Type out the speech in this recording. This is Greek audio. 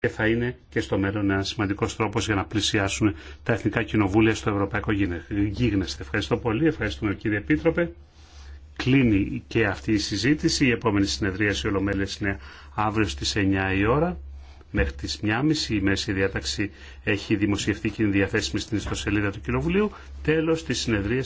και θα είναι και στο μέλλον ένα σημαντικό τρόπο για να πλησιάσουν τα εθνικά κοινοβούλια στο ευρωπαϊκό γίγνεσθε. Ευχαριστώ πολύ, ευχαριστούμε κύριε Επίτροπε. Κλείνει και αυτή η συζήτηση. Η επόμενη συνεδρία σε ολομέλεια είναι αύριο στι 9 η ώρα μέχρι τι 1.30. Η μέση διάταξη έχει δημοσιευθεί και είναι διαθέσιμη στην ιστοσελίδα του Κοινοβουλίου. Τέλο τη συνεδρία.